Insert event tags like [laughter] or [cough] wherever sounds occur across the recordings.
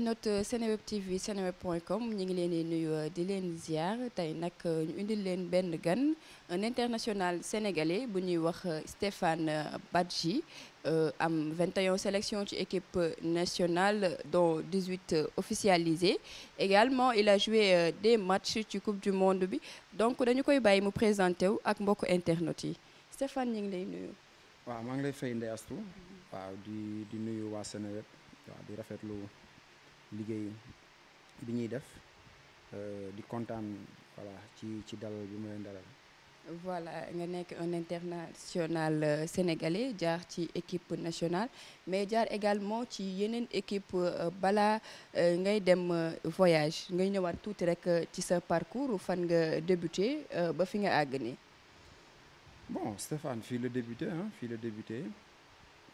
note euh, Seneweb TV seneweb.com ñu ngi leen di nuyu euh, di leen ziar tey nag euh, ñu indil leen benn gan un international sénégalais bu ñuy wax Stéphane Badji am 21 sélections ci équipe nationale dont 18 officialisées également il a joué des ci coupe du monde bi donc dañu koy bàyyi mu présenté wu ak mbokku internautes yi Stéphane ñu ngi lay nuyu. waaw maa ngi lay fay mm-hmm. waaw di di nuyu waa Seneweb waaw di rafetlu. liggéey bi ñuy def euh, di kontaan voilà ci ci dalal bi mu leen dalal. voilà nga nekk un international euh, sénégalais jaar ci équipe nationale mais jaar également ci yeneen équipe euh, bala ngay dem voyage ngay ñëwaat tuuti rek ci sa parcours fan nga débuté ba fi nga àgg nii. bon Stéphane fii la débuté ah fii la débuté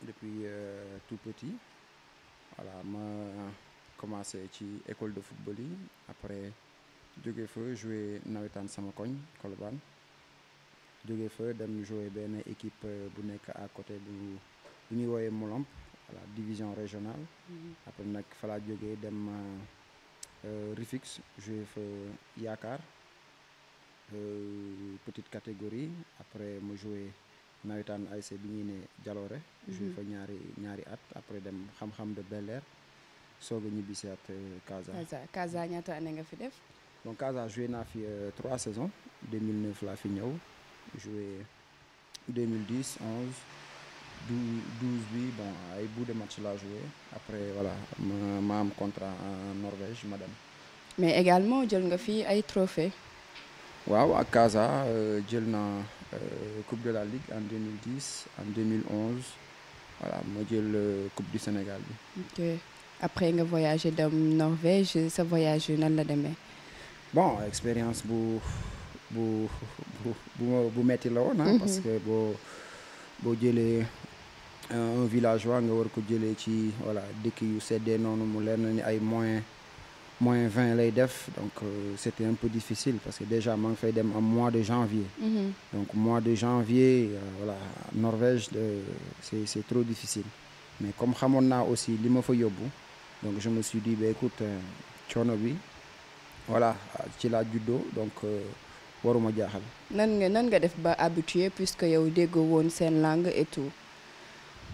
depuis tout petit voilà commencé ci école de football yi après jóge fa joué nawetaan sama koñ Colobane jóge fa dem joué benn équipe euh, bu nekk à côté bu bu ñuy wooyee Molomp voilà division régionale. Mm-hmm. après nag fa laa jógee dem euh, euh, Rufisque joué fa Yaakaar petite catégorie après ma joué nawetaan ASC bi ñuy ne Jaloore. Mm-hmm. joué fa ñaari ñaari at après dem xam-xam de Bel soog a ñibbi si at euh, Casa. Casa Casa ñaata nga fi def. donc Casa joué naa fi euh, trois saisons 2009 laa fi ñëw joué 2010 11 12 12 bi bon ay bout de match laa joué après voilà ma ma am contrat en Norvège ma mais également jël nga fi ay trophées. waaw ak Casa euh, jël na coupe de la ligue en 2010 en 2011 voilà ma jël coupe du Sénégal bi. après nga voyagé dem Norvège sa voyage nan la demee. bon expérience bu bu bu bu bu metti la woon ah, mhm. parce que boo boo jëlee euh, un villageois nga war ko jëlee ci voilà dëkk yu seddee noonu mu leen na ni ay moyens moins vingt lay def donc euh, c'était un peu difficile parce que déjà maa ngi fay dem en mois de janvier. Mm -hmm. donc mois de janvier euh, voilà Norvège de euh, c'est c'est trop difficile mais comme xamoon naa aussi li ma fa yóbbu. donc je me suis dit bah écoute euh, coono bi voilà ci laa juddoo donc euh, waruma jaaxal. nan nga nan nga def ba habitué puisque yow déggoo woon seen langue et tout.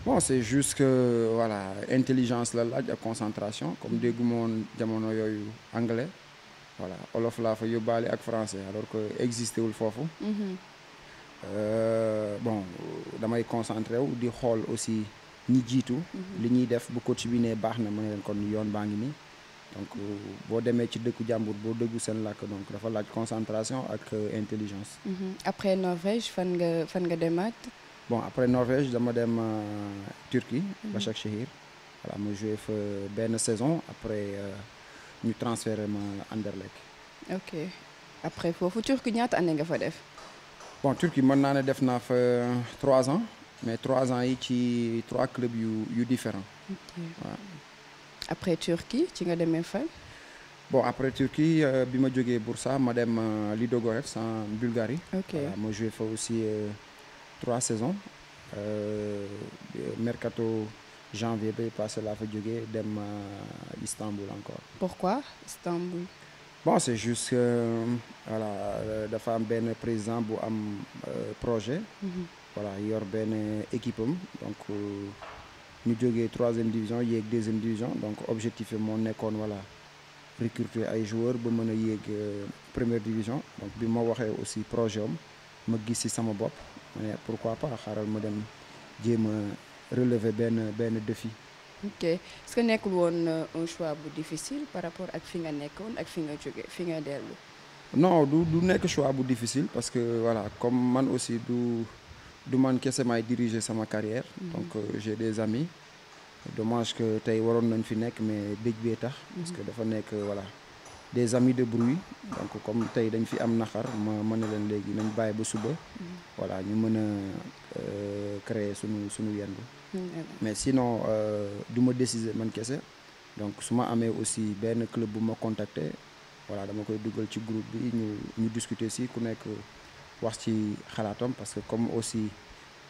bon c'est juste que voilà intelligence la laaj ak concentration comme dégguma woon jamono yooyu anglais voilà olof laa fa yóbbaale ak français alors que existé wul foofu. Mhm. Euh, bon damay concentré wu di xool aussi. ñi jiitu mhm. li ñuy def bu coach bi ne baax na mu ne leen kon yoon baa ngi nii donc euh, boo demee ci dëkku jàmbur boo dëggu seen làkk donc dafa laaj concentration ak euh, intelligence mhm. après Norvège fan nga fan nga demaat bon après Norvège dama dem euh, Turquie mhm. Başakşehir voilà ma joué fa benn saison après ñu transféré ma Anderlecht après foofu Turquie ñaata année nga fa def bon Turquie mën naa ne def naa fa trois ans mais trois ans yi ci trois clubs yu yu différents waaw après Turquie ci nga demee fan bon après Turquie euh, bi ma jógee Bursa ma dem euh, Ludogorets en Bulgarie voilà ma joué fa aussi euh, trois saisons mercato janvier bi passé laa fa jógee dem Istanbul encore pourquoi Istanbul bon c'est juste que voilà benn président bu am projet mhm. voilà yor benn équipe donc euh, ñu jógee troisième division yéeg deuxième division donc objectif moo nekkoon voilà recruter ay joueurs ba mën a yéeg euh, première division donc bi ma waxee aussi projet ma gis ci sama bopp ma ne pourquoi pas xaaral ma dem jéem a relever benn benn défi. ok est-ce nekkul woon euh, un choix bu difficile par rapport ak fi nga nekkoon ak fi nga jóge fi nga dellu. non du du nekk choix bu difficile parce que voilà comme man aussi du. du man kese maay diriger sama carrière mm-hmm. donc euh, j'ai des amis dommage que tey waroon nañ fi nekk mais béj bee tax mm-hmm. parce que dafa nekk voilà des amis de bruit donc comme tey dañ fi am naxar ma mën na leen léegi nañ bàyyi ba suba mm-hmm. voilà ñu mën a euh, créer suñu suñu yendu mais sinon euh, du ma décider man kese donc su ma amee aussi benn club bu ma contacter voilà dama koy dugal ci groupe bi ñu ñu discuter si ku nekk wax ci xalaatam parce que comme aussi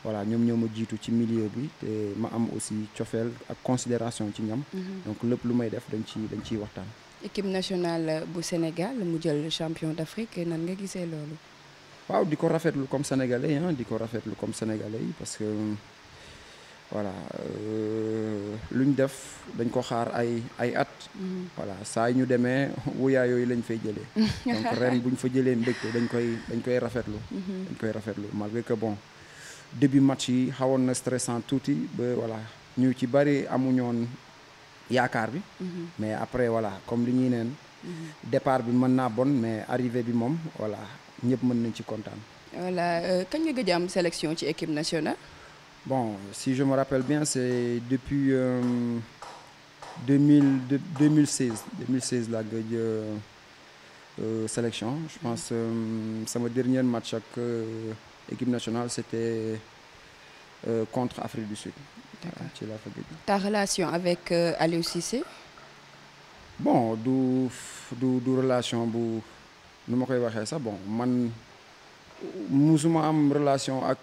voilà ñoom ñoo ma jiitu ci milieu bi te ma am aussi cofeel ak considération ci ñam mhm. donc lépp lu may def dañ ci dañ ciy waxtaan équipe nationale bu Sénégal mu jël champion d'Afrique nan nga gisee loolu waaw di ko rafetlu comme sénégalais ah di ko rafetlu comme sénégalais yi parce que voilà euh, lu ñu def dañ ko xaar ay ay at. Mm-hmm. voilà saa ñu demee [laughs] wuyaa yooyu lañ fay jëlee. [laughs] donc ren bu ñu fa jëlee mbégte dañ koy dañ koy rafetlu. Mm-hmm. dañ koy rafetlu malgré que bon début match yi xawoon na stressant tuuti ba voilà ñu ci bari amuñoon yaakaar bi. Mm-hmm. mais après voilà comme li ñuy neen. départ bi mën naa bon mais arrivé bi moom voilà ñëpp mën nañ ci kontaan. voilà euh, kañ nga gëj am ci équipe nationale. Bon, si je me rappelle bien, c'est depuis euh, 2000, de, 2016. 2016, la euh, euh, sélection. Je pense que euh, c'est mon dernier match avec l'équipe euh, nationale, c'était euh, contre Afrique du Sud. Voilà, Ta relation avec Aliou Cissé Bon, du, du, du relation, bu, nous m'avons dit ça. Bon, man, nous avons relation avec.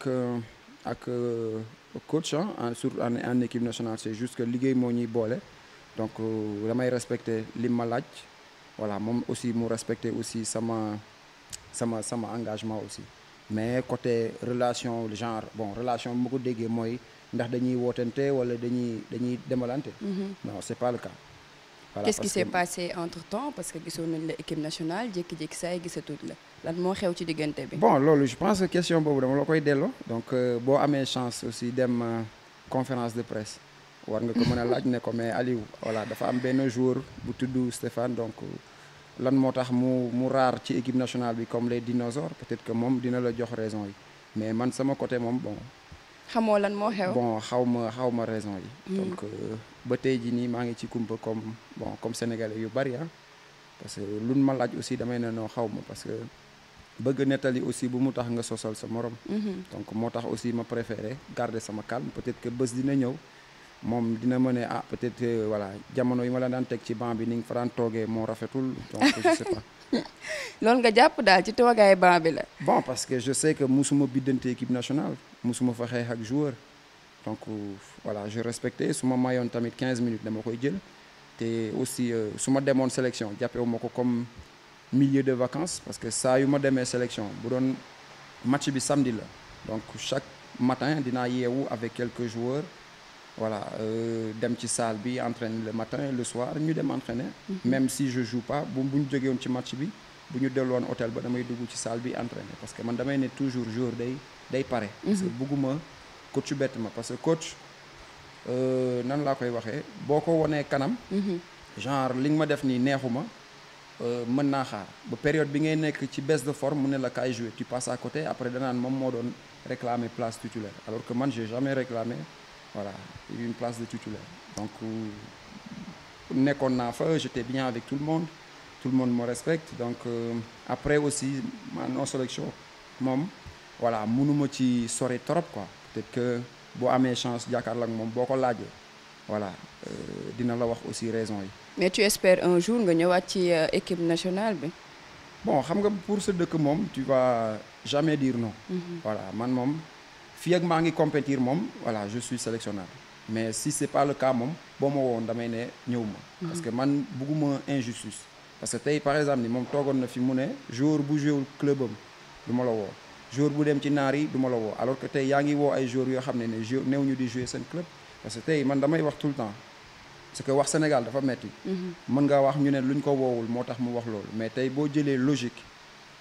ak euh, coach en sur en équipe nationale c'est juste que liggéey moo ñuy boole donc euh, damay respecter li ma laaj voilà moom aussi mu respecter aussi sama sama sama engagement aussi mais côté relation genre bon relation bu ma ko déggee mooy ndax dañuy wootente wala dañuy dañuy demalante. Mm-hmm. non c'est pas le cas. voilà qu'est-ce qui s'est passé entre temps parce que gisoon nañ la équipe nationale jékki-jékki saa yi gisatuñ la. lan moo xew ci diggante bi. bon loolu je pense que question boobu dama la koy delloo donc euh, boo amee chance aussi dem euh, conférence de presse war nga ko mën a laaj ne ko mais Aliou voilà dafa am benn jour bu tudd Stéphane donc euh, lan moo tax mu mu raar ci équipe nationale bi comme les dinosaures peut-être que moom dina la jox raison yi mais man sama côté moom bon. xamoo lan moo xew. xaw ma xaw ma raison yi. Hmm. donc ba tey jii nii maa ngi ci kumpa comme bon comme sénégalais yu bari ah que luñ ma laaj aussi damay ne noo xaw ma parce que. bëgg nettali aussi bu mu tax nga sosal sa morom. Mhm. donc moo tax aussi ma préféré garder sama calme peut-être que bés dina ñëw moom dina ma ne ah peut-être euh, voilà jamono yi ma la daan teg ci banc bi ni nga fa daan toogee moo rafetul donc je sais [laughs] nga jàpp daal ci toogaay banc bi la. bon parce que je sais que musuma biddante équipe nationale musuma fa xeex ak joueur donc euh, voilà je respectais su ma mayoon tamit 15 minutes dama koy jël te aussi euh, su ma demoon sélection jàppewuma ko comme. millier de vacances parce que saa yu ma demee sélection bu doon match bi samdi la donc chaque matin dinaa yeewu avec quelques joueurs voilà euh, dem ci salle bi entraîner le matin le soir ñu dem entraîner. Mhm. même si je joue pas bu bu ñu jógee woon ci match bi bu ñu delloon woon hôtel ba damay dugg ci salle bi entraîner parce que man damay ne toujours jour day day pare. Mhm. parce que bugguma coach bett ma parce que coach euh, nan laa koy waxee boo ko wonee kanam. Mhm. genre li nga ma def nii neexuma Euh, mën naa xaar ba période bi ngay nekk ci baisse de forme mu ne la kaay jouer tu passes à côté après danaan moom moo doon réclamer place titulaire alors que man j'ai jamais réclamé voilà une place de titulaire donc euh, nekkoon naa fa j'étais bien avec tout le monde tout le monde moo respecte donc euh, après aussi ma non sélection moom voilà munuma ci sore trop quoi peut-être boo amee chance jàkkaarloo ak moom boo ko laajee voilà euh, dina la wax aussi raison yi mais tu espères un jour nga ñëwaat ci euh, équipe nationale bi. bon xam nga pour sa dëkk moom tu vas jamais dire non. Mm-hmm. voilà man moom fii ak maa ngi compétir moom wala je suis mais si c'est pas le cas moom boo ma woon damay ne ñëw ma. Mm-hmm. parce que man bugguma injustice. parce que tey par exemple ni moom toogoon na fi mu ne joueur bu joué club am du ma la woo. joueur bu dem ci naar yi du ma la woo alors que tey yaa ngi woo ay joueurs yoo xam ne ne néew ñu di jouer seen club parce que tey man damay wax le temps. parce que wax Sénégal dafa metti mhm. mën nga wax ñu ne luñ ko woowul moo tax mu wax loolu mais tey boo jëlee logique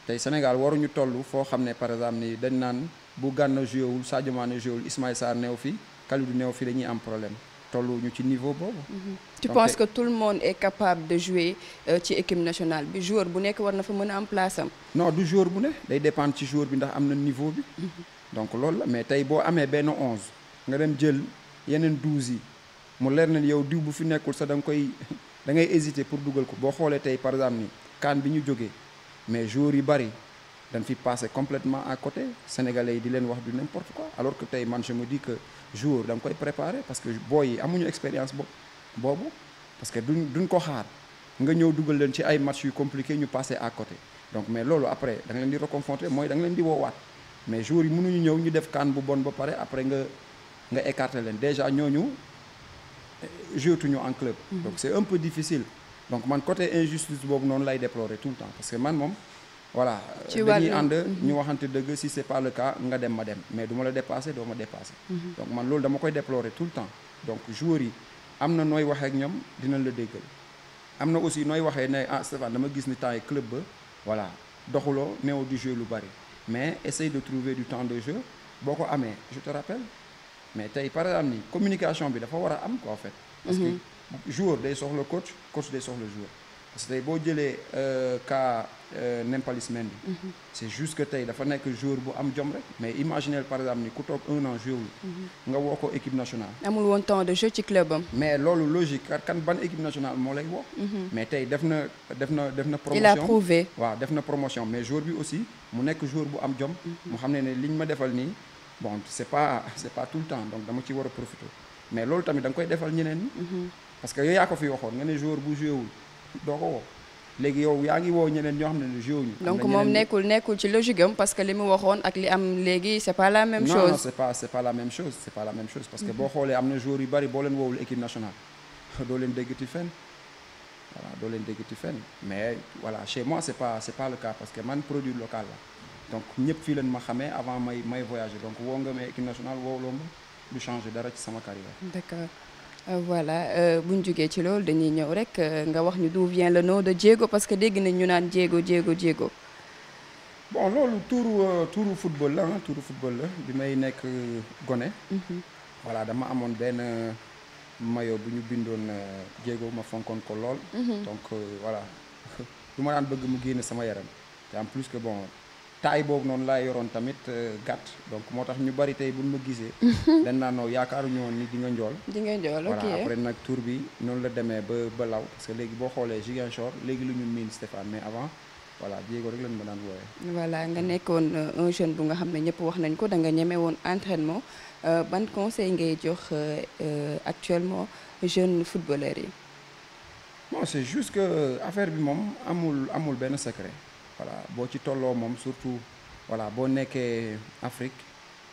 tey Sénégal waruñu toll foo xam ne par exemple nii dañ naan bu Gana joué wul Sadio Mané joué wul Ismaïla Sarr neew fi Kalidou neew fi dañuy am problème ñu ci niveau boobu. Mhm. tu penses que tout le monde est capable de jouer euh, ci équipe nationale bi joueur bu nekk war na fa mën a am place am. non du joueur bu ne day dépendre ci joueur bi ndax am na niveau mhm. donc loolu mais tey boo amee benn onze nga dem jël yeneen douze yi. mu leer ne yow diw bu fi nekkul sax da nga koy dangay ngay pour dugal ko boo xoolee tey par exemple ni kaan bi ñu jógee mais jours yi bari dañ fi passé complètement à côté sénégalais yi di leen wax du n'importe quoi alors que tey man je me dis que jour da nga koy préparé parce que booy yi amuñu expérience bo boobu parce que duñ duñ ko xaar nga ñëw dugal leen ci ay match yu compliqué ñu passé à côté donc mais loolu après da nga leen di reconfronter mooy da leen di woowaat mais jour yi mënuñu ñëw ñu def kaan bu bon ba pare après nga nga écarter leen déjà ñooñu jouetuñu en club donc c'est un man côté injustice boobu noonu lay déplorer tout le temps parce que man moom voilà dañuy mhm. ñu waxante dëgg si c'est pas nga dem ma dem mais du la dépasser doo ma dépasser mhm. donc man loolu dama koy déplorer tout le temps donc joueurs yi am na nooy waxee ak ñoom dinañ la déggal am na aussi nooy waxee ne ah Stéphane dama gis ni temps yi club ba voilà doxuloo néew di jeu lu bari mais essaye de trouver du temps de jeu boo ko amee je te rappelle mais tey par exemple ni communication bi dafa war a am quoi en parce que mhm. joueur day soxla coach coach day soxla joueur parce que tey boo jëlee euh, cas euh, Nampalys Mendy mhm. c' est juste que tey dafa nekk jour bu am jom rek mais imaginez par exemple ni ku toog un an joué wul mhm. nga woo ko équipe nationale amul woon temps de jeu ci club am mais loolu logique kan ban équipe nationale moo lay mais tey def na def na def na promotion il a prouvé waaw def na promotion mais joueur bi aussi mu nekk joueur bu am jom mu xam ne ne liñ ma defal nii bon c' est pas c' pas tout le temps donc dama ci war a profiter mais loolu tamit da koy defal ñeneen ñi. Mhm. parce que yow yaa ko fi waxoon nga ne joueur bu joué doo ko woo. léegi yow yaa ngi woo ñeneen ñoo xam ne ne joué ñu. donc moom nekkul nekkul ci logique am parce que li mu waxoon ak li am léegi c' est pas la même chose. non non c' est pas c' est pas la même chose parce que mhm. boo xoolee am na joueurs yu bari boo leen woowul équipe nationale [laughs] doo leen déggati fenn voilà doo leen déggati fenn mais voilà chez moi c' est pas le cas parce que man produit local la donc ñëpp fii leen ma xamee may may voyager donc nga ma équipe nationale woowuloo du changer dara ci sama carrière. d'accord euh, voilà euh, bu ñu jugee ci loolu dañuy ñëw rek euh, nga wax ñu d'où vient la nom de Diégo parce que dégg nañ ñu naan Diégo Diégo Diégo. bon loolu tuuru football la ah tuuru football la bi may nekk gone. Mhm. voilà dama amoon benn mayo bu ñu bindoon Diégo ma fonkoon ko lool. Mhm. donc voilà [laughs] lu ma daan bëgg mu génn sama yaram te en plus que bon. taay boobu noonu laa yoroon tamit euh, gàtt donc moo tax ñu bari bu buñ ma gisee. [laughs] dañ naa noo yaakaaruñu woon ni di nga njool. di nga njool ok voilà après nag tour bi noonu la demee ba ba law parce que léegi boo xoolee Ziguinchor léegi lu ñu miin Stéphane mais avant voilà Diégo rek lañ ma daan wooyee. voilà nga nekkoon euh, un jeune bu nga xam ne ñëpp wax nañ ko da nga ñeme woon entraînement euh, ban conseil ngay jox actuellement jeune footballeur yi. bon c'est juste que affaire bi moom amul amul benn secret. voilà boo ci tolloo moom surtout voilà boo nekkee Afrique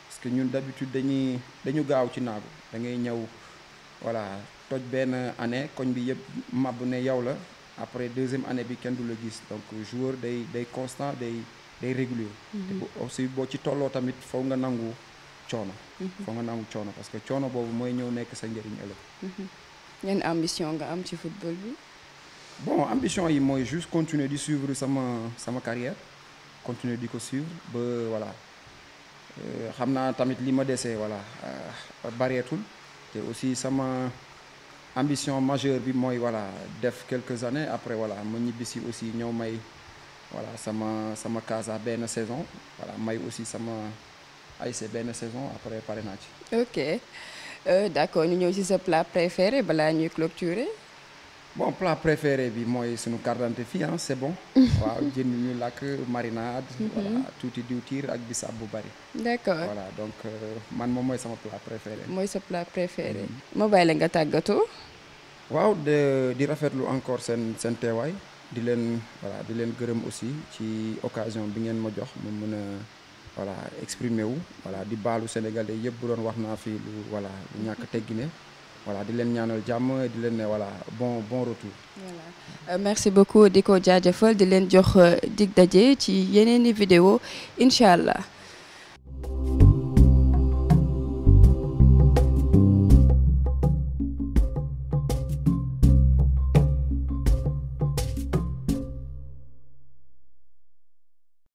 parce que ñun d'habitude dañuy dañu gaaw ci naagu da ngay ñëw voilà toj benn année koñ bi yëpp màbb ne yow la après deuxième année bi kenn du la gis donc joueur day day constant day day régulier mhm. te aussi boo ci tolloo tamit foog nga nangu coono mhm. foog nga nangu coono parce que coono boobu mooy ñëw nekk sa njëriñ ëllëg mhm. yan ambition nga am ci football bi bon ambition yi mooy juste continuer di suivre sama sama carrière continuer di ko suivre ba voilà euh, xam naa tamit li ma dese voilà euh, bareetul te aussi sama ambition majeure bi mooy voilà def quelques années après voilà ma ñibbisi aussi ñëw may voilà sama sama casa benn saison voilà may aussi sama ay c'est benn saison après pare naa ci. ok euh, d'accord ñu ñëw ci sa plat préféré balaa ñuy clôturer. bon plat préféré bi mooy suñu carte d'identité fii ah c'est bon. [laughs] waaw jën ñu lakk marinade. Mhm. voilà tuuti diwtiir ak bisaab bu bari. d'accord donc euh, man moom mooy sama plat préféré. mooy sa plat mhm. nga tàggatoo. waaw de di rafetlu encore seen seen teewaay di leen voilà di leen gërëm aussi ci occasion bi ngeen ma jox mu mën a voilà exprimer wu. voilà di baalu Sénégalais yëpp bu doon wax naa fi lu voilà ñàkk teggine voilà di leen ñaanal jàmm di leen ne voilà bon bon retour. voilà euh, merci beaucoup di ko jaajëfal di leen jox euh, dig daje ci yeneeni vidéo incha allah.